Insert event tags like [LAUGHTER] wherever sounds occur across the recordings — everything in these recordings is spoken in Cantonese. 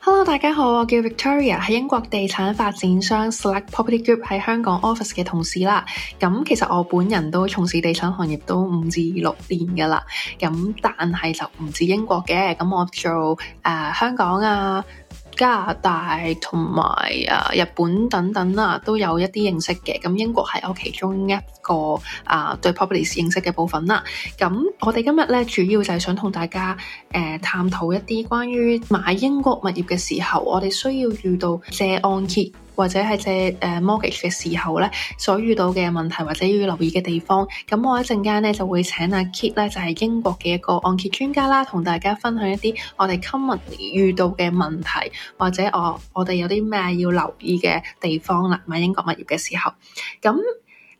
Hello，大家好，我叫 Victoria，係英國地產發展商 Select Property Group 喺香港 office 嘅同事啦。咁、嗯、其實我本人都從事地產行業都五、嗯、至六年噶啦，咁但係就唔止英國嘅，咁、嗯、我做誒、呃、香港啊。加拿大同埋啊日本等等啦、啊，都有一啲認識嘅。咁英國係我其中一個啊對 property 認識嘅部分啦。咁我哋今日咧，主要就係想同大家誒、呃、探討一啲關於買英國物業嘅時候，我哋需要遇到寫按揭。或者係借誒、uh, mortgage 嘅時候咧，所遇到嘅問題或者要留意嘅地方，咁我一陣間咧就會請阿、啊、Kit 咧，就係、是、英國嘅一個按揭專家啦，同大家分享一啲我哋今日遇到嘅問題，或者、uh, 我我哋有啲咩要留意嘅地方啦，買英國物業嘅時候，咁。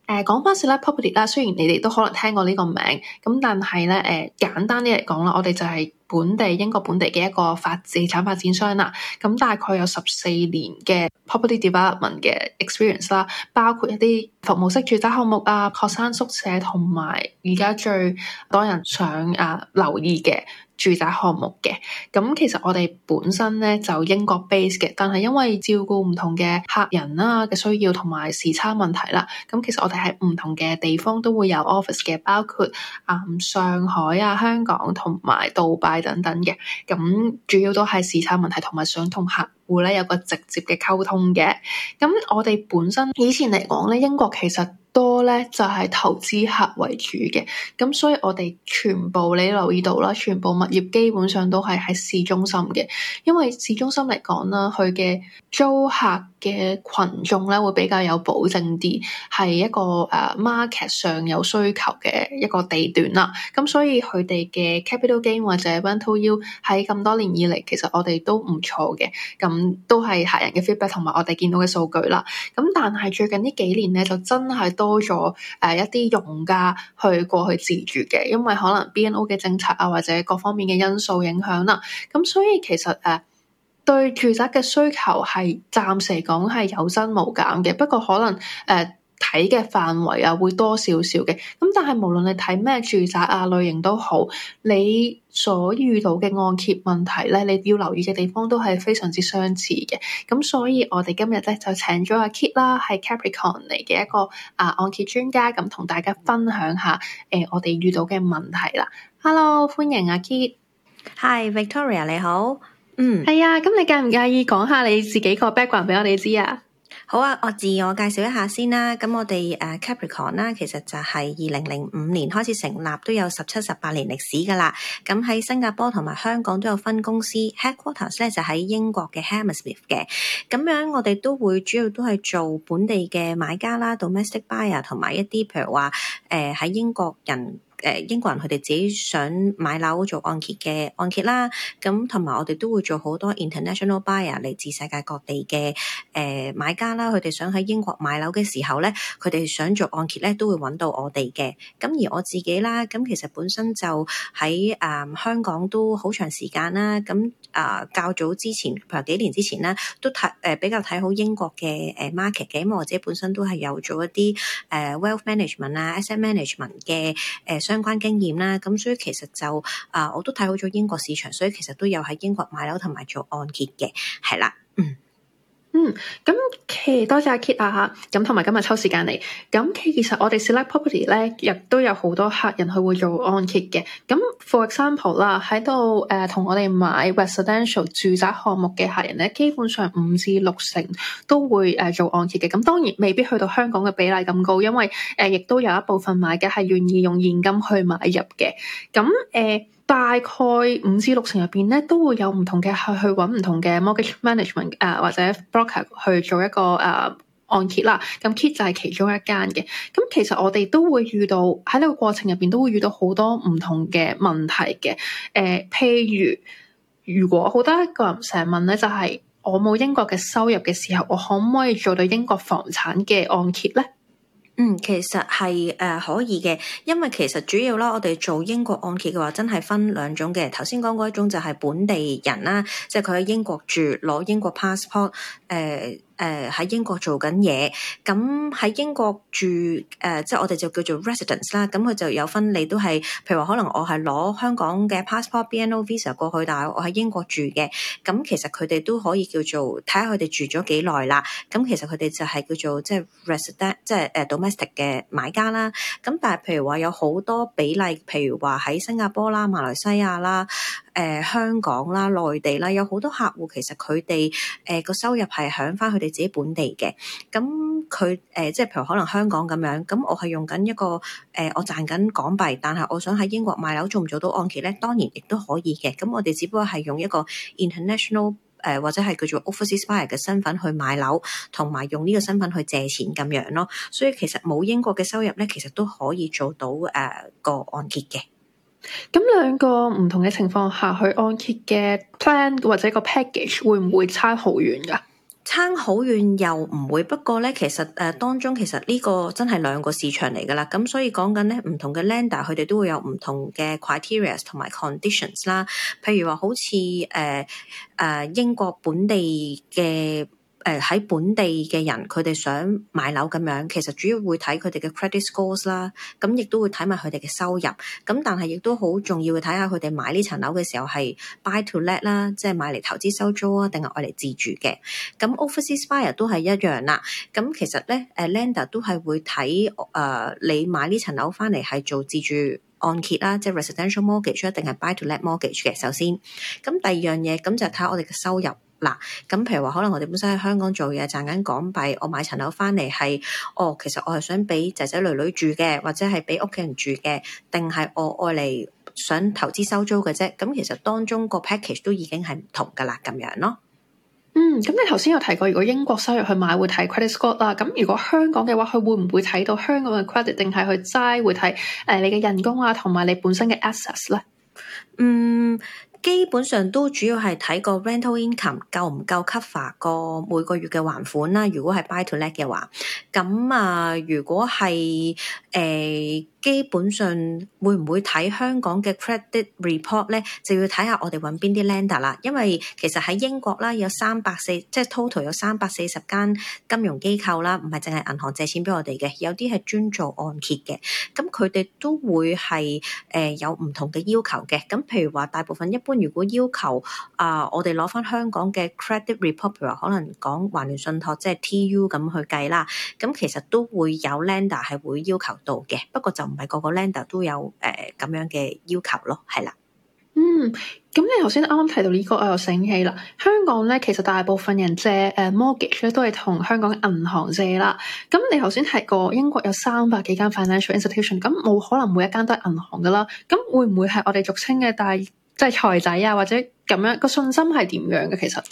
誒講翻少啦 Property 啦，雖然你哋都可能聽過呢個名，咁但係咧誒簡單啲嚟講啦，我哋就係本地英國本地嘅一個法置產發展商啦，咁大概有十四年嘅 property development 嘅 experience 啦，包括一啲服務式住宅項目啊、學生宿舍同埋而家最多人想啊留意嘅。住宅項目嘅，咁其實我哋本身咧就英國 base 嘅，但係因為照顧唔同嘅客人啦、啊、嘅需要同埋時差問題啦，咁其實我哋喺唔同嘅地方都會有 office 嘅，包括啊上海啊香港同埋杜拜等等嘅，咁主要都係時差問題同埋想同客戶咧有個直接嘅溝通嘅，咁我哋本身以前嚟講咧英國其實。多咧就係投資客為主嘅，咁所以我哋全部你留意到啦，全部物業基本上都係喺市中心嘅，因為市中心嚟講啦，佢嘅租客嘅群眾咧會比較有保證啲，係一個誒 market 上有需求嘅一個地段啦。咁所以佢哋嘅 capital gain 或者 rental yield 喺咁多年以嚟，其實我哋都唔錯嘅，咁都係客人嘅 feedback 同埋我哋見到嘅數據啦。咁但係最近呢幾年咧，就真係都。多咗誒一啲用家去過去自住嘅，因為可能 BNO 嘅政策啊，或者各方面嘅因素影響啦。咁所以其實誒、呃，對住宅嘅需求係暫時講係有增無減嘅，不過可能誒。呃睇嘅範圍啊，會多少少嘅。咁但係無論你睇咩住宅啊類型都好，你所遇到嘅按揭問題咧，你要留意嘅地方都係非常之相似嘅。咁、嗯、所以我哋今日咧就請咗阿 Kit 啦，係 Capricorn 嚟嘅一個啊按揭專家，咁同大家分享下誒、呃、我哋遇到嘅問題啦。Hello，歡迎阿、啊、Kit。Hi，Victoria 你好。嗯，係啊，咁你介唔介意講下你自己個 background 俾我哋知啊？好啊，我自我介紹一下先啦。咁我哋誒、啊、Capricorn 啦、啊，其實就係二零零五年開始成立，都有十七十八年歷史噶啦。咁喺新加坡同埋香港都有分公司，Headquarters 咧就喺、是、英國嘅 Hammersmith、erm、嘅。咁樣我哋都會主要都係做本地嘅買家啦，domestic buyer 同埋一啲譬如話誒喺英國人。誒英國人佢哋自己想買樓做按揭嘅按揭啦，咁同埋我哋都會做好多 international buyer 嚟自世界各地嘅誒、呃、買家啦，佢哋想喺英國買樓嘅時候咧，佢哋想做按揭咧都會揾到我哋嘅。咁而我自己啦，咁其實本身就喺啊、呃、香港都好長時間啦，咁啊、呃、較早之前譬如幾年之前啦，都睇誒、呃、比較睇好英國嘅誒 market 嘅，因為我自己本身都係有做一啲誒、呃、wealth management 啊，asset management 嘅誒。呃相關經驗啦，咁所以其實就啊、呃，我都睇好咗英國市場，所以其實都有喺英國買樓同埋做按揭嘅，係啦，嗯。嗯，咁其多謝阿 Kit 啊，咁同埋今日抽時間嚟，咁其實我哋 Select Property 咧，亦都有好多客人佢會做按揭嘅。咁 For example 啦，喺度誒同我哋買 Residential 住宅項目嘅客人咧，基本上五至六成都會誒、呃、做按揭嘅。咁當然未必去到香港嘅比例咁高，因為誒亦、呃、都有一部分買家係願意用現金去買入嘅。咁誒。呃大概五至六成入邊咧，都會有唔同嘅去去揾唔同嘅 mortgage management 誒、呃、或者 broker 去做一個誒、呃、按揭啦。咁 Kit 就係其中一間嘅。咁、嗯、其實我哋都會遇到喺呢個過程入邊都會遇到好多唔同嘅問題嘅。誒、呃、譬如，如果好多一個人成日問咧，就係、是、我冇英國嘅收入嘅時候，我可唔可以做到英國房產嘅按揭咧？嗯，其實係誒、呃、可以嘅，因為其實主要啦，我哋做英國按揭嘅話，真係分兩種嘅。頭先講嗰一種就係本地人啦，即係佢喺英國住，攞英國 passport 誒、呃。誒喺英國做緊嘢，咁喺英國住誒，即係我哋就叫做 residence 啦。咁佢就有分你都係，譬如話可能我係攞香港嘅 passport BNO visa 過去，但係我喺英國住嘅，咁其實佢哋都可以叫做睇下佢哋住咗幾耐啦。咁其實佢哋就係叫做即係 resident，即係誒 domestic 嘅買家啦。咁但係譬如話有好多比例，譬如話喺新加坡啦、馬來西亞啦。誒、呃、香港啦、內地啦，有好多客戶其實佢哋誒個收入係響返佢哋自己本地嘅。咁佢誒即係譬如可能香港咁樣，咁我係用緊一個誒、呃、我賺緊港幣，但係我想喺英國買樓做唔做到按揭咧？當然亦都可以嘅。咁我哋只不過係用一個 international 誒、呃、或者係叫做 offshore buyer 嘅身份去買樓，同埋用呢個身份去借錢咁樣咯。所以其實冇英國嘅收入咧，其實都可以做到誒、呃、個按揭嘅。咁兩個唔同嘅情況下，去按揭嘅 plan 或者個 package 會唔會差好遠噶？差好遠又唔會，不過咧，其實誒、呃、當中其實呢個真係兩個市場嚟噶啦，咁所以講緊咧唔同嘅 lender，佢哋都會有唔同嘅 criteria 同埋 conditions 啦，譬如話好似誒誒英國本地嘅。誒喺本地嘅人，佢哋想買樓咁樣，其實主要會睇佢哋嘅 credit scores 啦，咁亦都會睇埋佢哋嘅收入，咁但係亦都好重要嘅睇下佢哋買呢層樓嘅時候係 buy to let 啦，即係買嚟投資收租啊，定係愛嚟自住嘅。咁 Office Inspire 都係一樣啦。咁其實咧，誒 Lender 都係會睇誒、呃、你買呢層樓翻嚟係做自住按揭啦，kit，即係 residential mortgage，一定係 buy to let mortgage 嘅。首先，咁第二樣嘢咁就睇下我哋嘅收入。嗱，咁譬如話，可能我哋本身喺香港做嘢，賺緊港幣，我買層樓翻嚟，係，哦，其實我係想俾仔仔女女住嘅，或者係俾屋企人住嘅，定係我愛嚟想投資收租嘅啫。咁其實當中個 package 都已經係唔同噶啦，咁樣咯。嗯，咁你頭先有提過，如果英國收入去買會睇 credit score 啦，咁如果香港嘅話，佢會唔會睇到香港嘅 credit，定係去齋會睇誒、呃、你嘅人工啊，同埋你本身嘅 assets 咧？嗯。基本上都主要係睇個 rental income 夠唔夠 cover 個每個月嘅還款啦。如果係 buy to let 嘅話，咁啊如果係誒。呃基本上會唔會睇香港嘅 credit report 咧，就要睇下我哋揾邊啲 lender 啦。因為其實喺英國啦，有三百四，即係 total 有三百四十間金融機構啦，唔係淨係銀行借錢俾我哋嘅，有啲係專做按揭嘅。咁佢哋都會係誒有唔同嘅要求嘅。咁譬如話大部分一般如果要求啊、呃，我哋攞翻香港嘅 credit report，譬如可能講華聯信託即係 TU 咁去計啦。咁其實都會有 lender 係會要求到嘅，不過就。唔係個個 lender 都有誒咁樣嘅要求咯，係啦。嗯，咁你頭先啱啱提到呢個，我又醒起啦。香港咧，其實大部分人借誒 mortgage 咧，都係同香港銀行借啦。咁你頭先提過英國有三百幾間 financial institution，咁冇可能每一間都係銀行噶啦。咁會唔會係我哋俗稱嘅大即係財仔啊，或者咁樣個信心係點樣嘅？其實，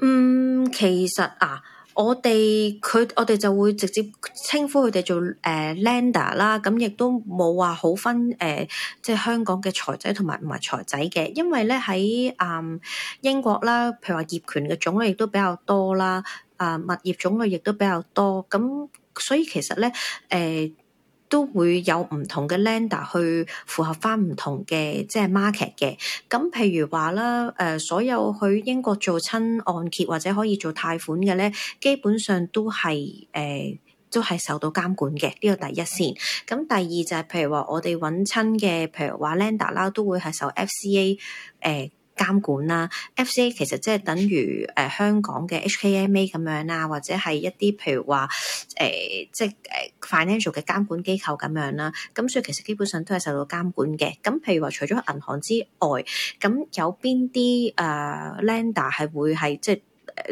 嗯，其實啊。我哋佢我哋就會直接稱呼佢哋做誒、呃、lender 啦，咁亦都冇話好分誒、呃，即係香港嘅財仔同埋唔係財仔嘅，因為咧喺誒英國啦，譬如話業權嘅種類亦都比較多啦，啊、呃、物業種類亦都比較多，咁、嗯、所以其實咧誒。呃都會有唔同嘅 lender 去符合翻唔同嘅即係 market 嘅。咁譬如話啦，誒、呃、所有去英國做親按揭或者可以做貸款嘅咧，基本上都係誒、呃、都係受到監管嘅。呢、呢個第一先。咁第二就係、是、譬如話，我哋揾親嘅，譬如話 lender 啦，都會係受 FCA 誒、呃。監管啦、啊，FCA 其實即係等於誒、呃、香港嘅 HKMA 咁樣啦、啊，或者係一啲譬如話誒、呃、即係誒 financial 嘅監管機構咁樣啦、啊。咁所以其實基本上都係受到監管嘅。咁譬如話，除咗銀行之外，咁有邊啲誒、呃、lender 係會係即係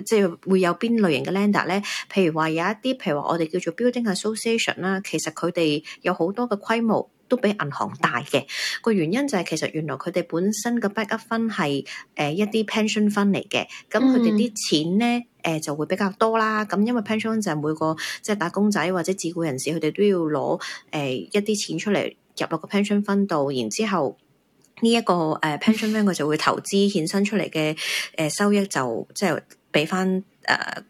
即係會有邊類型嘅 lender 咧？譬如話有一啲譬如話我哋叫做 building association 啦，其實佢哋有好多嘅規模。都比銀行大嘅個原因就係其實原來佢哋本身嘅 back up fund 係誒一啲 pension fund 嚟嘅，咁佢哋啲錢咧誒、mm. 呃、就會比較多啦。咁因為 pension 就係每個即係、就是、打工仔或者自雇人士，佢哋都要攞誒、呃、一啲錢出嚟入落個 pension fund 度，然之後呢一、這個誒 pension fund，佢就會投資衍生出嚟嘅誒收益就即係俾翻。就是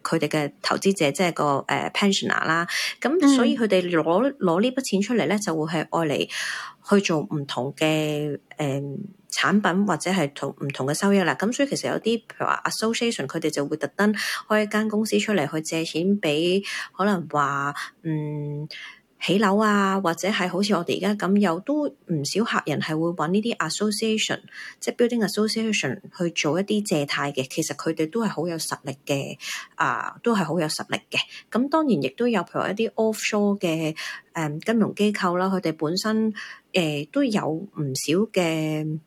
誒佢哋嘅投資者即係個誒、uh, pensioner 啦，咁、mm. 所以佢哋攞攞呢筆錢出嚟咧，就會係愛嚟去做唔同嘅誒、嗯、產品或者係同唔同嘅收益啦。咁所以其實有啲譬如話 association，佢哋就會特登開一間公司出嚟去借錢俾可能話嗯。起樓啊，或者係好似我哋而家咁，有都唔少客人係會搵呢啲 association，即係 building association 去做一啲借貸嘅。其實佢哋都係好有實力嘅，啊、呃，都係好有實力嘅。咁當然亦都有譬如一啲 offshore 嘅誒、嗯、金融機構啦，佢哋本身誒、呃、都有唔少嘅。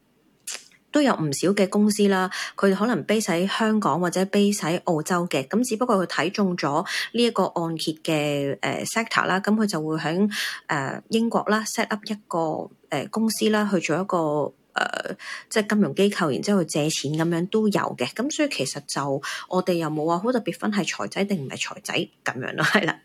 都有唔少嘅公司啦，佢哋可能 base 喺香港或者 base 喺澳洲嘅，咁只不過佢睇中咗呢一個按揭嘅誒 sector 啦，咁佢就會響誒英國啦 set up 一個誒公司啦，去做一個誒即係金融機構，然之後去借錢咁樣都有嘅，咁所以其實就我哋又冇話好特別分係財仔定唔係財仔咁樣咯，係啦，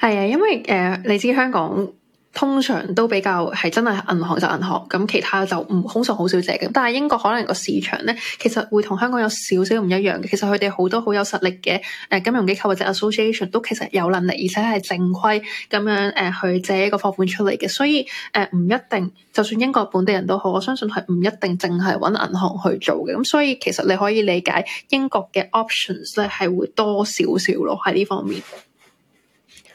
係啊， [LAUGHS] 因為誒、呃、你知香港。通常都比較係真係銀行就銀行，咁其他就唔通常好少借嘅。但係英國可能個市場咧，其實會同香港有少少唔一樣嘅。其實佢哋好多好有實力嘅誒金融機構或者 association 都其實有能力，而且係正規咁樣誒去借一個貸款出嚟嘅。所以誒唔一定，就算英國本地人都好，我相信係唔一定淨係揾銀行去做嘅。咁所以其實你可以理解英國嘅 options 咧係會多少少咯，喺呢方面。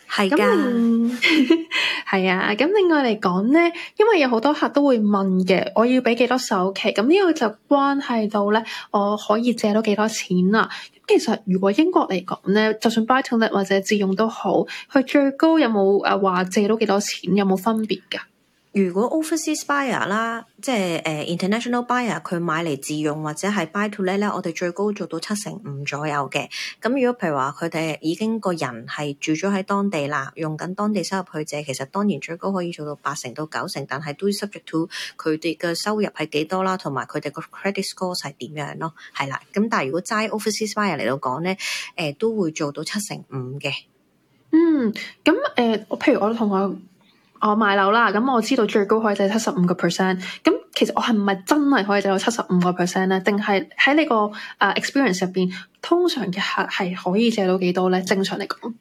係噶，係啊是那，咁 [LAUGHS] 另外嚟講咧，因為有好多客都會問嘅，我要俾幾多首期，咁呢個就關係到咧，我可以借到幾多錢啦？咁其實如果英國嚟講咧，就算 Buy to Let 或者自用都好，佢最高有冇誒話借到幾多錢，有冇分別噶？如果 overseas buyer 啦，即係 international buyer，佢買嚟自用或者係 buy to let 咧，我哋最高做到七成五左右嘅。咁如果譬如話佢哋已經個人係住咗喺當地啦，用緊當地收入去借，其實當然最高可以做到八成到九成，但係都要 subject to 佢哋嘅收入係幾多啦，同埋佢哋個 credit score 係點樣咯，係啦。咁但係如果齋 overseas buyer 嚟到講咧，誒、呃、都會做到七成五嘅。嗯，咁誒，我、呃、譬如我同我。我買樓啦，咁我知道最高可以借七十五個 percent。咁其實我係唔係真係可以借到七十五個 percent 咧？定係喺呢個誒 experience 入邊，通常嘅客係可以借到幾多咧？正常嚟講，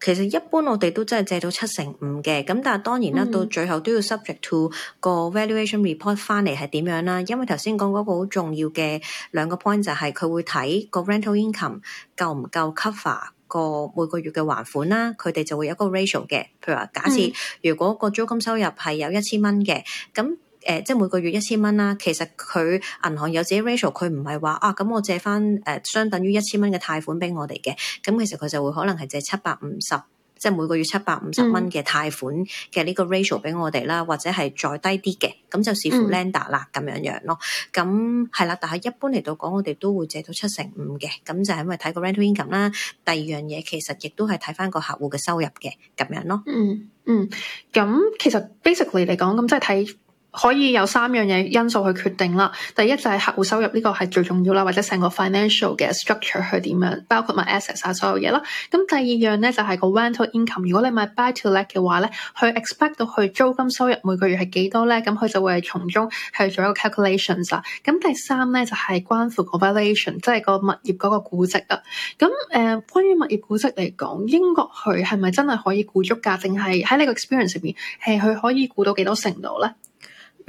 其實一般我哋都真係借到七成五嘅。咁但係當然啦，嗯、到最後都要 subject to 個 valuation report 翻嚟係點樣啦。因為頭先講嗰個好重要嘅兩個 point 就係佢會睇個 rental income 夠唔夠 cover 個每個月嘅還款啦，佢哋就會有個 ratio 嘅。譬如話，假設如果個租金收入係有一千蚊嘅，咁誒、呃、即係每個月一千蚊啦。其實佢銀行有自己 ratio，佢唔係話啊，咁我借翻誒、呃、相等於一千蚊嘅貸款俾我哋嘅。咁其實佢就會可能係借七百五十。即係每個月七百五十蚊嘅貸款嘅呢個 ratio 俾我哋啦，或者係再低啲嘅，咁就視乎 lender 啦，咁樣樣咯。咁係啦，但係一般嚟到講，我哋都會借到七成五嘅，咁就係因為睇個 rental income 啦。第二樣嘢其實亦都係睇翻個客戶嘅收入嘅咁樣咯。嗯嗯，咁、嗯、其實 basically 嚟講，咁即係睇。可以有三樣嘢因素去決定啦。第一就係客戶收入，呢個係最重要啦，或者成個 financial 嘅 structure 去點樣，包括埋 assets 啊，所有嘢啦。咁第二樣咧就係個 rental income。如果你買 buy to let 嘅話咧，佢 expect 到佢租金收入每個月係幾多咧？咁佢就會係從中去做一個 calculations 啊。咁第三咧就係關乎個 valuation，即係個物業嗰個估值啊。咁誒，關於物業估值嚟講，英國佢係咪真係可以估足價？定係喺你個 experience 入邊，係佢可以估到幾多程度咧？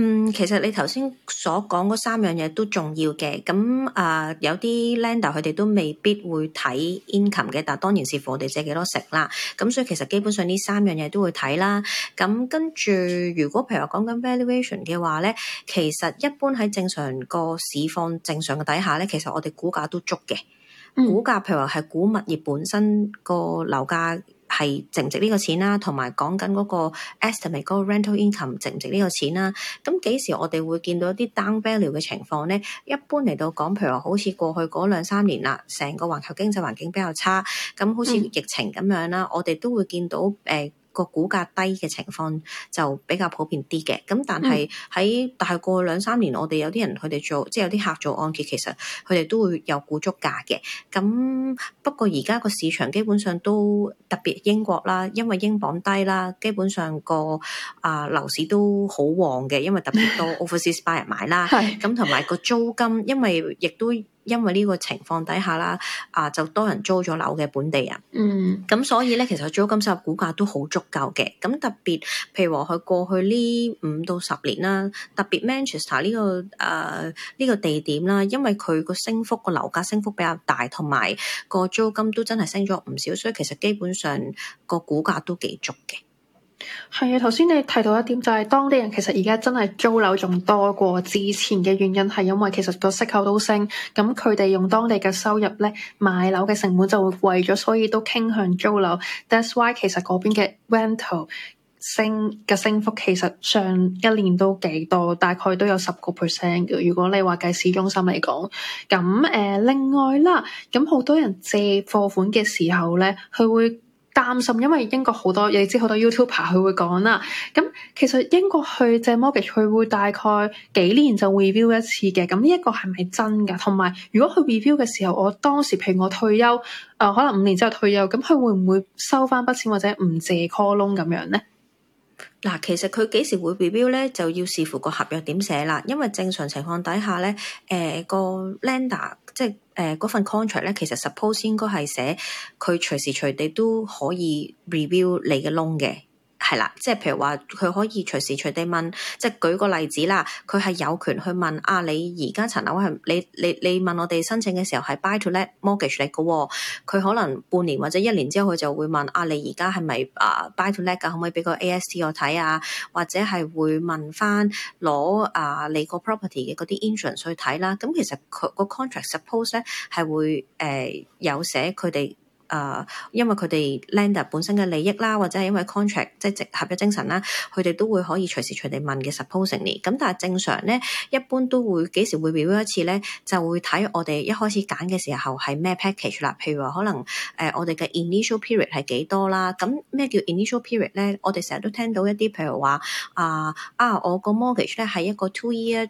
嗯，其實你頭先所講嗰三樣嘢都重要嘅，咁啊、呃、有啲 lender 佢哋都未必會睇 income 嘅，但係當然視乎我哋借幾多成啦。咁所以其實基本上呢三樣嘢都會睇啦。咁跟住如果譬如話講緊 valuation 嘅話咧，其實一般喺正常個市況正常嘅底下咧，其實我哋估價都足嘅。估價譬如話係估物業本身個樓價。係值唔值呢個錢啦、啊，同埋講緊嗰個 estimate 嗰個 rental income 值唔值呢個錢啦、啊。咁幾時我哋會見到一啲 down value 嘅情況咧？一般嚟到講，譬如話好似過去嗰兩三年啦，成個環球經濟環境比較差，咁好似疫情咁樣啦，嗯、我哋都會見到誒。呃個估價低嘅情況就比較普遍啲嘅，咁但係喺大過兩三年，我哋有啲人佢哋做，即係有啲客做按揭，其實佢哋都會有估足價嘅。咁不過而家個市場基本上都特別英國啦，因為英鎊低啦，基本上個啊樓、呃、市都好旺嘅，因為特別多 overseas buyer 買啦。咁同埋個租金，因為亦都。因為呢個情況底下啦，啊就多人租咗樓嘅本地人，咁、嗯、所以咧其實租金收入估價都好足夠嘅。咁、嗯、特別譬如話佢過去呢五到十年啦，特別 Manchester 呢、這個誒呢、呃這個地點啦，因為佢個升幅個樓價升幅比較大，同埋個租金都真係升咗唔少，所以其實基本上個估價都幾足嘅。係啊，頭先你提到一點就係、是、當地人其實而家真係租樓仲多過之前嘅原因係因為其實個息口都升，咁佢哋用當地嘅收入咧買樓嘅成本就會貴咗，所以都傾向租樓。That’s why 其實嗰邊嘅 rental 升嘅升幅其實上一年都幾多，大概都有十個 percent 嘅。如果你話計市中心嚟講，咁誒、呃、另外啦，咁好多人借貨款嘅時候咧，佢會。擔心，因為英國好多嘢，即好多 YouTuber 佢會講啦。咁、嗯、其實英國去借 mortgage 佢會大概幾年就 review 一次嘅。咁呢一個係咪真嘅？同埋如果佢 review 嘅時候，我當時譬如我退休，誒、呃、可能五年之後退休，咁、嗯、佢會唔會收翻筆錢或者唔借 call 窟窿咁樣咧？嗱，其實佢幾時會 review 咧，就要視乎個合約點寫啦。因為正常情況底下咧，誒個 lender 即係誒嗰份 contract 咧，其實 suppose 應該係寫佢隨時隨地都可以 review 你嘅 loan 嘅。係啦，即係譬如話，佢可以隨時隨地問，即係舉個例子啦，佢係有權去問啊，你而家層樓係你你你問我哋申請嘅時候係 buy to let mortgage 嚟嘅喎，佢可能半年或者一年之後佢就會問啊，你而家係咪啊 buy to let 㗎，可唔可以俾個 AST 我睇啊？或者係會問翻攞啊你個 property 嘅嗰啲 insurance 去睇啦。咁、嗯、其實佢個 contract suppose 咧係會誒、呃、有寫佢哋。誒，uh, 因為佢哋 lender 本身嘅利益啦，或者係因為 contract 即係合約精神啦，佢哋都會可以隨時隨地問嘅 supposingly 咁，但係正常咧，一般都會幾時會 review 一次咧，就會睇我哋一開始揀嘅時候係咩 package 啦。譬如話可能誒、呃，我哋嘅 initial period 係幾多啦？咁咩叫 initial period 咧？我哋成日都聽到一啲譬如話啊啊，我個 mortgage 咧係一個 two year。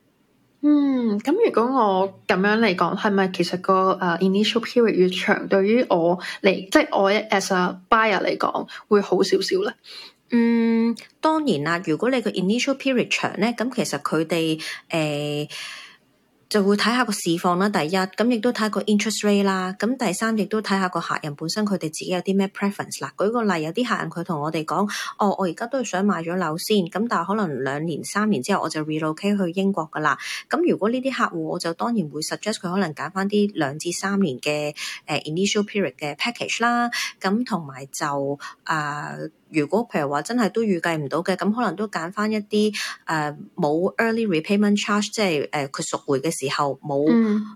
嗯，咁如果我咁樣嚟講，係咪其實、個誒、uh, initial period 越長，對於我嚟，即係我 as a buyer 嚟講，會好少少咧？嗯，當然啦，如果你個 initial period 長咧，咁其實佢哋誒。呃就會睇下個市況啦，第一咁亦都睇個 interest rate 啦，咁第三亦都睇下個客人本身佢哋自己有啲咩 preference。嗱，舉個例，有啲客人佢同我哋講，哦，我而家都係想買咗樓先，咁但係可能兩年、三年之後我就 relocate 去英國噶啦。咁如果呢啲客戶，我就當然會 suggest 佢可能揀翻啲兩至三年嘅誒 initial period 嘅 package 啦，咁同埋就啊。如果譬如話真係都預計唔到嘅，咁可能都揀翻一啲誒冇、呃、early repayment charge，即係誒佢贖回嘅時候冇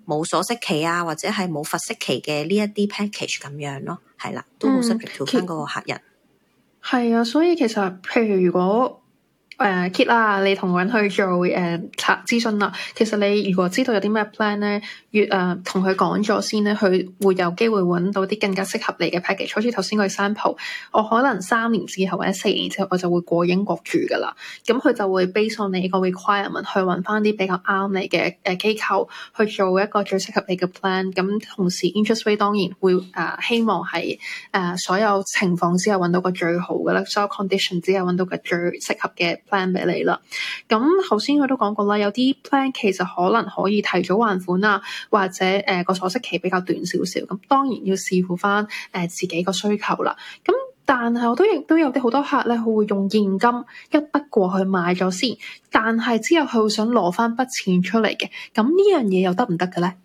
冇鎖息期啊，或者係冇罰息期嘅呢一啲 package 咁樣咯，係啦，都好適合調翻嗰個客人。係啊，所以其實譬如如果。誒、uh, Kit 啊，你同人去做誒、uh, 查資訊啦、啊。其實你如果知道有啲咩 plan 咧，越誒同佢講咗先咧，佢會有機會揾到啲更加適合你嘅 package。好似頭先個 sample，我可能三年之後或者四年之後我就會過英國住㗎啦。咁佢就會 base on 你個 requirement 去揾翻啲比較啱你嘅誒、uh, 機構去做一個最適合你嘅 plan。咁同時 interest rate 當然會誒、uh, 希望係誒、uh, 所有情況之下揾到個最好㗎啦，所有 condition 之下揾到個最適合嘅。plan 俾你啦，咁頭先佢都講過啦，有啲 plan 其實可能可以提早還款啊，或者誒個、呃、鎖息期比較短少少，咁當然要視乎翻誒、呃、自己個需求啦。咁但係我都亦都有啲好多客咧，佢會用現金一筆過去買咗先，但係之後佢會想攞翻筆錢出嚟嘅，咁呢樣嘢又得唔得嘅咧？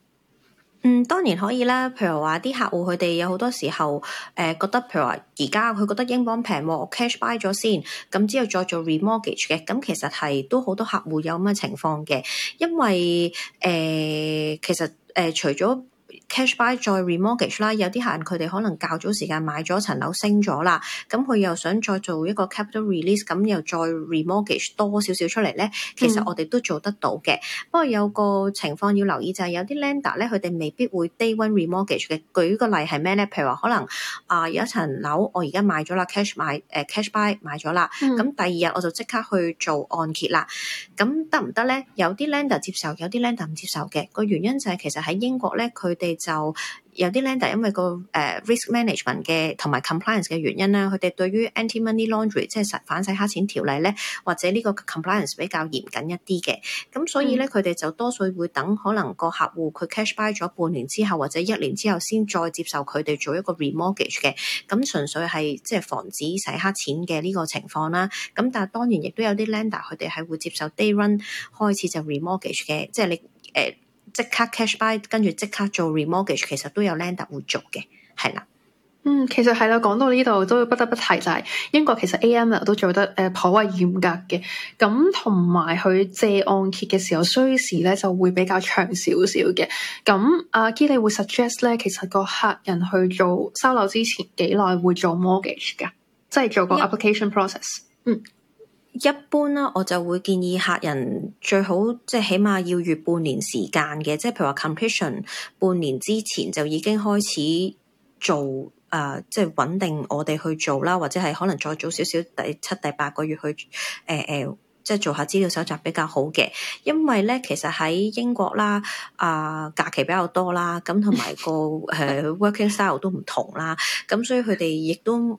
嗯，當然可以啦。譬如話啲客戶佢哋有好多時候，誒、呃、覺得譬如話而家佢覺得英鎊平喎，我 cash buy 咗先，咁之後再做 remortgage 嘅。咁其實係都好多客戶有咁嘅情況嘅，因為誒、呃、其實誒、呃、除咗。cash buy 再 remortgage 啦，有啲客人佢哋可能較早時間買咗層樓升咗啦，咁佢又想再做一個 capital release，咁又再 remortgage 多少少出嚟咧，其實我哋都做得到嘅。不過、嗯、有個情況要留意就係、是、有啲 lender 咧，佢哋未必會 day one remortgage 嘅。舉個例係咩咧？譬如話可能啊有一層樓我而家買咗啦，cash 買誒、呃、cash buy 買咗啦，咁、嗯、第二日我就即刻去做按揭啦，咁得唔得咧？有啲 lender 接受，有啲 lender 唔接受嘅。個原因就係其實喺英國咧，佢哋就有啲 lender 因為個誒、uh, risk management 嘅同埋 compliance 嘅原因啦，佢哋對於 anti money laundering 即係反洗黑錢條例咧，或者呢個 compliance 比較嚴謹一啲嘅，咁所以咧佢哋就多數會等可能個客戶佢 cash buy 咗半年之後或者一年之後先再接受佢哋做一個 remortgage 嘅，咁純粹係即係防止洗黑錢嘅呢個情況啦。咁但係當然亦都有啲 lender 佢哋係會接受 day run 開始就 remortgage 嘅，即係你誒。Uh, 即刻 cash buy，跟住即刻做 remortgage，其實都有 lender 會做嘅，係啦。嗯，其實係啦，講到呢度都不得不提就係英國其實 AML 都做得誒、呃、頗為嚴格嘅，咁同埋佢借按揭嘅時候，需時咧就會比較長少少嘅。咁、嗯、啊，Kit 你會 suggest 咧，其實個客人去做收樓之前幾耐會做 mortgage 㗎，即係做個 application process、嗯。一般啦，我就會建議客人最好即係起碼要預半年時間嘅，即係譬如話 completion 半年之前就已經開始做誒、呃、即係穩定我哋去做啦，或者係可能再早少少第七第八個月去誒誒、呃、即係做下資料搜集比較好嘅。因為咧，其實喺英國啦，啊、呃、假期比較多啦，咁同埋個誒、 [LAUGHS] uh, working style 都唔同啦，咁所以佢哋亦都。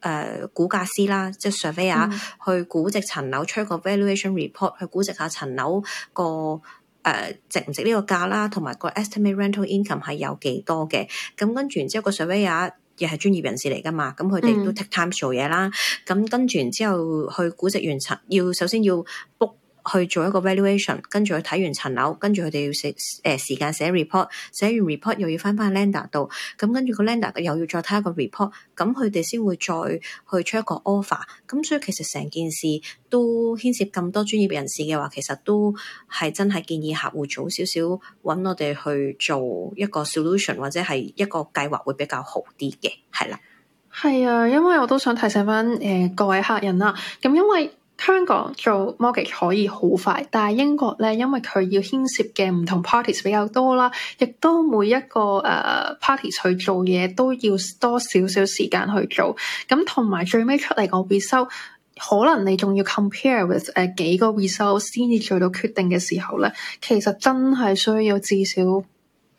誒估、呃、價師啦，即係 Surveyor、嗯、去估值層樓，出個 valuation report 去估值下層樓個誒、呃、值唔值呢個價啦，同埋個 estimate rental income 係有幾多嘅。咁跟住然之後，個 Surveyor 又係專業人士嚟噶嘛，咁佢哋都 take time 做嘢啦。咁、嗯、跟住然之後，去估值完層，要首先要 book，去做一個 valuation，跟住去睇完層樓，跟住佢哋要寫誒、呃、時間寫 report，寫完 report 又要返返 lender 度，咁跟住個 lender 又要再睇一個 report，咁佢哋先會再去出一個 offer，咁所以其實成件事都牽涉咁多專業人士嘅話，其實都係真係建議客戶早少少揾我哋去做一個 solution 或者係一個計劃會比較好啲嘅，係啦。係啊，因為我都想提醒返誒各位客人啦，咁因為。香港做 mortgage 可以好快，但係英國咧，因為佢要牽涉嘅唔同 parties 比較多啦，亦都每一個誒、uh, parties 去做嘢都要多少少時間去做。咁同埋最尾出嚟個 result，可能你仲要 compare with 誒、uh, 幾個 result 先至做到決定嘅時候咧，其實真係需要至少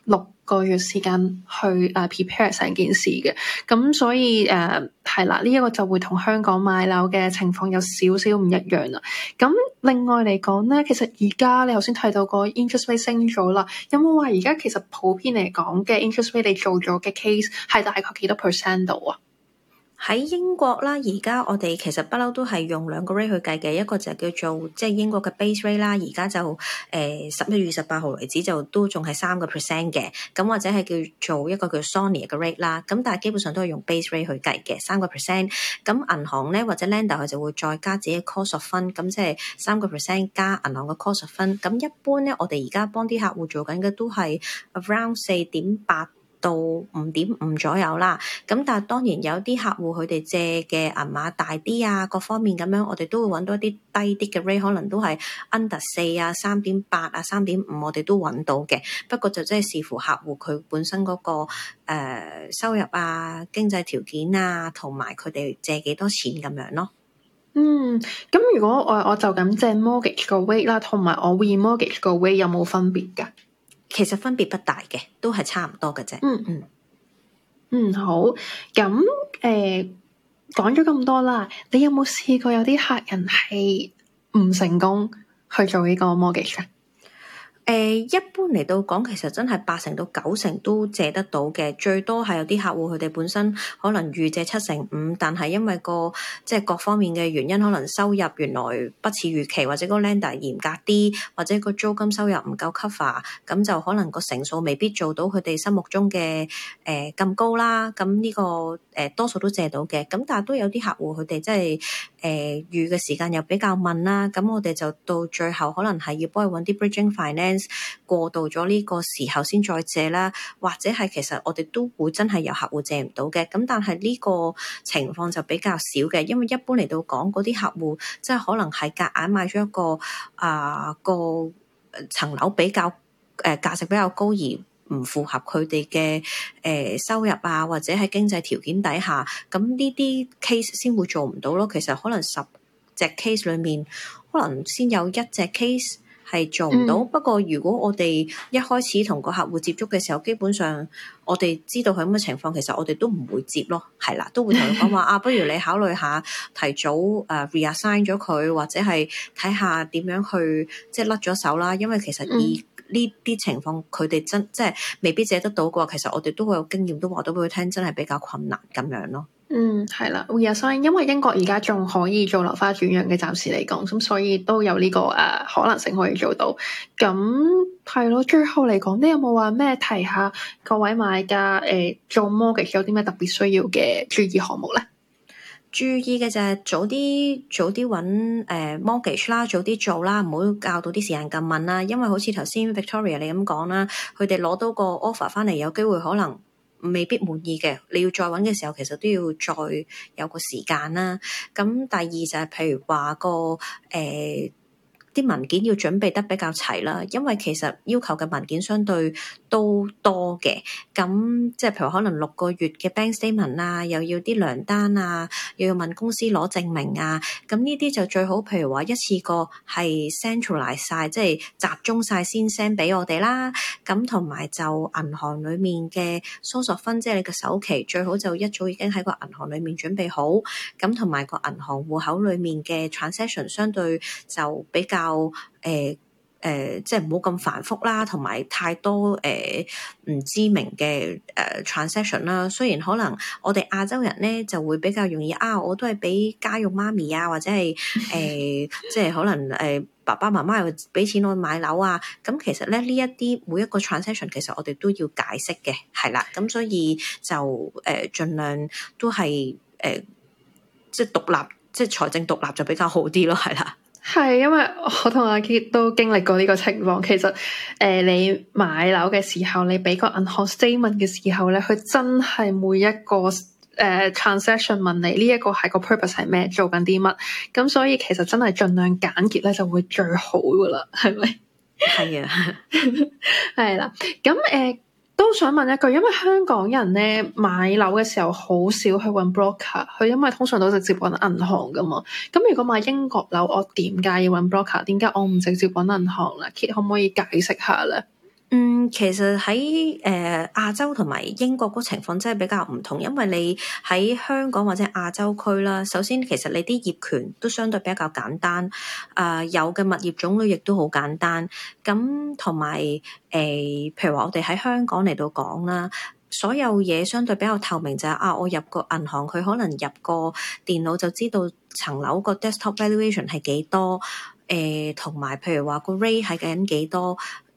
六個月時間去誒 prepare 成件事嘅，咁所以誒係啦，呢一個就會同香港買樓嘅情況有少少唔一樣啦。咁另外嚟講咧，其實而家你頭先提到個 interest rate 升咗啦，有冇話而家其實普遍嚟講嘅 interest rate 你做咗嘅 case 係大概幾多 percent 度啊？喺英國啦，而家我哋其實不嬲都係用兩個 rate 去計嘅，一個就叫做即係、就是、英國嘅 base rate 啦。而家就誒十一月二十八號嚟止就都仲係三個 percent 嘅，咁或者係叫做一個叫 SONIA 嘅 rate 啦。咁但係基本上都係用 base rate 去計嘅，三個 percent。咁銀行咧或者 lender 佢就會再加自己嘅 cost of fund，咁即係三個 percent 加銀行嘅 cost of fund。咁一般咧，我哋而家幫啲客戶做緊嘅都係 around 四點八，到五點五左右啦，咁但係當然有啲客戶佢哋借嘅銀碼大啲啊，各方面咁樣，我哋都會揾到啲低啲嘅 rate 可能都係 under 四啊、三點八啊、三點五，我哋都揾到嘅。不過就即係視乎客戶佢本身嗰、那個、呃、收入啊、經濟條件啊，同埋佢哋借幾多錢咁樣咯。嗯，咁如果我我就咁借 mortgage 個 rate 啦，同埋我 remortgage 個 rate 有冇分別㗎？其實分別不大嘅，都係差唔多嘅啫。嗯嗯，嗯，嗯好。咁誒講咗咁多啦，你有冇試過有啲客人係唔成功去做呢個 mortgage 嘅？誒、uh, 一般嚟到講，其實真係八成到九成都借得到嘅，最多係有啲客戶佢哋本身可能預借七成五，但係因為個即係、就是、各方面嘅原因，可能收入原來不似預期，或者個 lender 嚴格啲，或者個租金收入唔夠 cover，咁就可能個成數未必做到佢哋心目中嘅誒咁高啦。咁呢、這個誒、呃、多數都借到嘅，咁但係都有啲客戶佢哋真係，誒預嘅時間又比較慢啦，咁我哋就到最後可能係要幫佢揾啲 bridging finance 過渡咗呢個時候先再借啦，或者係其實我哋都會真係有客戶借唔到嘅，咁但係呢個情況就比較少嘅，因為一般嚟到講嗰啲客戶即係可能係夾硬買咗一個啊、呃、個層樓比較誒、呃、價值比較高而。唔符合佢哋嘅誒收入啊，或者喺經濟條件底下，咁呢啲 case 先會做唔到咯。其實可能十隻 case 裏面，可能先有一隻 case 係做唔到。嗯、不過如果我哋一開始同個客戶接觸嘅時候，基本上我哋知道佢咁嘅情況，其實我哋都唔會接咯。係啦、啊，都會同佢講話啊，不如你考慮下提早誒、uh, reassign 咗佢，或者係睇下點樣去即係甩咗手啦。因為其實。已、嗯。呢啲情況，佢哋真即係未必借得到嘅話，其實我哋都會有經驗，都話到俾佢聽，真係比較困難咁樣咯。嗯，係啦，會有所以，因為英國而家仲可以做樓花轉讓嘅暫時嚟講，咁所以都有呢、這個誒、呃、可能性可以做到。咁係咯，最後嚟講，你有冇話咩提下各位買家誒、呃、做 mortgage 有啲咩特別需要嘅注意項目咧？注意嘅就係，早啲早啲揾誒 mortgage 啦，早啲、呃、做啦，唔好教到啲時間咁慢啦。因為好似頭先 Victoria 你咁講啦，佢哋攞到個 offer 翻嚟，有機會可能未必滿意嘅。你要再揾嘅時候，其實都要再有個時間啦。咁第二就係、是、譬如話個誒。呃啲文件要準備得比較齊啦，因為其實要求嘅文件相對都多嘅，咁即係譬如可能六個月嘅 bank statement 啊，又要啲糧單啊，又要問公司攞證明啊，咁呢啲就最好譬如話一次過係 centralize 晒，即係集中晒先 send 俾我哋啦。咁同埋就銀行裏面嘅搜索分，即係你嘅首期最好就一早已經喺個銀行裏面準備好。咁同埋個銀行戶口裏面嘅 transaction 相對就比較。就誒誒，即係唔好咁繁複啦，同埋太多誒唔、呃、知名嘅誒、呃、transaction 啦。雖然可能我哋亞洲人咧就會比較容易啊，我都係俾家用媽咪啊，或者係誒、呃、即係可能誒、呃、爸爸媽媽又俾錢我去買樓啊。咁、嗯、其實咧呢一啲每一個 transaction，其實我哋都要解釋嘅，係啦。咁、嗯、所以就誒盡、呃、量都係誒、呃、即係獨立，即係財政獨立就比較好啲咯，係啦。係，因為我同阿 Kit 都經歷過呢個情況。其實，誒、呃，你買樓嘅時候，你俾個銀行 statement 嘅時候咧，佢真係每一個誒、呃、transaction 問你呢一、這個係個 purpose 係咩，做緊啲乜。咁所以其實真係盡量簡潔咧就會最好噶啦，係咪？係啊， [LAUGHS] [LAUGHS] [LAUGHS] 係啦，咁、呃、誒。都想問一句，因為香港人咧，買樓嘅時候好少去揾 broker，佢因為通常都直接揾銀行㗎嘛。咁如果買英國樓，我點解要揾 broker？點解我唔直接揾銀行啦？Kit 可唔可以解釋下咧？嗯，其實喺誒、呃、亞洲同埋英國嗰情況真係比較唔同，因為你喺香港或者亞洲區啦，首先其實你啲業權都相對比較簡單，啊、呃、有嘅物業種類亦都好簡單，咁同埋誒，譬如話我哋喺香港嚟到講啦，所有嘢相對比較透明、就是，就係啊，我入個銀行，佢可能入個電腦就知道層樓個 desktop valuation 係幾多，誒同埋譬如話個 rate 係緊幾多。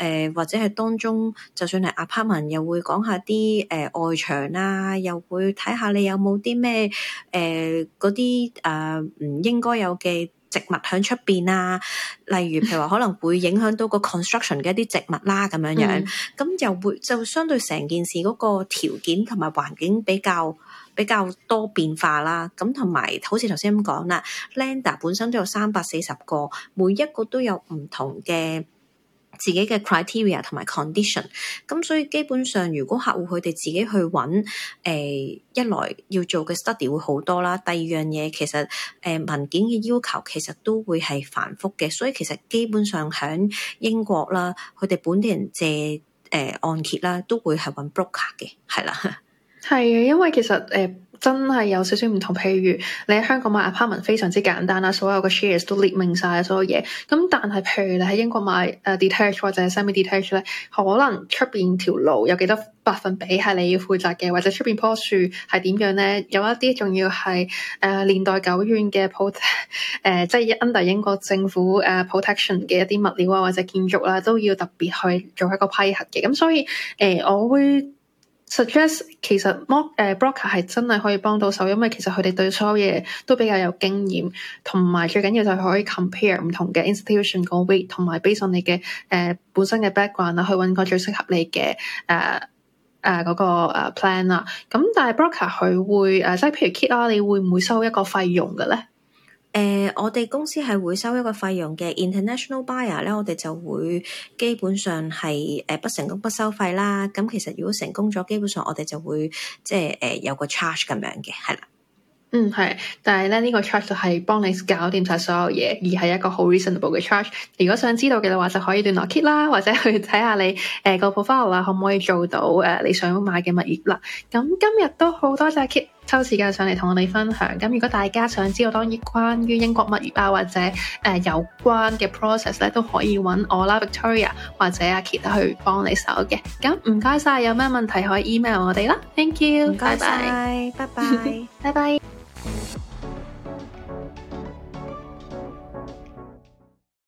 誒、呃、或者係當中，就算係 apartment，又會講下啲誒外牆啦，又會睇下，呃啊、下你有冇啲咩誒嗰啲誒唔應該有嘅植物喺出邊啊。例如譬如話可能會影響到個 construction 嘅一啲植物啦、啊，咁樣樣咁又會就相對成件事嗰個條件同埋環境比較比較多變化啦。咁同埋好似頭先咁講啦，lender 本身都有三百四十個，每一個都有唔同嘅。自己嘅 criteria 同埋 condition，咁所以基本上如果客戶佢哋自己去揾，誒、呃、一來要做嘅 study 會好多啦，第二樣嘢其實誒、呃、文件嘅要求其實都會係繁複嘅，所以其實基本上響英國啦，佢哋本地人借、誒、呃、按揭啦，都會係揾 broker 嘅，係啦。 [LAUGHS] 係啊，因為其實誒、呃、真係有少少唔同。譬如你喺香港買 apartment 非常之簡單啦，所有嘅 shares 都列明晒所有嘢。咁但係譬如你喺英國買誒、呃、detached 或者 semi-detached 咧，可能出邊條路有幾多百分比係你要負責嘅，或者出邊棵樹係點樣咧？有一啲仲要係誒、呃、年代久遠嘅誒，即係 under 英國政府誒、呃、protection 嘅一啲物料啊或者建築啦，都要特別去做一個批核嘅。咁所以誒、呃、我會。suggest 其實 m broker 係真係可以幫到手，因為其實佢哋對所有嘢都比較有經驗，同埋最緊要就係可以 compare 唔同嘅 institution 個 rate 同埋 based on 你嘅誒、呃、本身嘅 background 啦，去揾個最適合你嘅誒誒嗰個 plan 啦、啊。咁但係 broker 佢會誒，即係譬如 kit 啦，你會唔會收一個費用嘅咧？誒、呃，我哋公司係會收一個費用嘅。International buyer 咧，我哋就會基本上係誒、呃、不成功不收費啦。咁其實如果成功咗，基本上我哋就會即係誒有個 charge 咁樣嘅，係啦。嗯，係。但係咧呢個 charge 係幫你搞掂晒所有嘢，而係一個好 reasonable 嘅 charge。如果想知道嘅話，就可以聯絡 Kit 啦，或者去睇下你誒個 profile 啊，可唔可以做到誒你想買嘅物業啦。咁今日都好多謝,謝 Kit。抽時間上嚟同我哋分享。咁如果大家想知道當然關於英國物業啊，或者誒、呃、有關嘅 process 咧，都可以揾我啦 Victoria 或者阿 Kit 去幫你手嘅。咁唔該晒，有咩問題可以 email 我哋啦。Thank you，拜拜謝，拜拜，拜拜。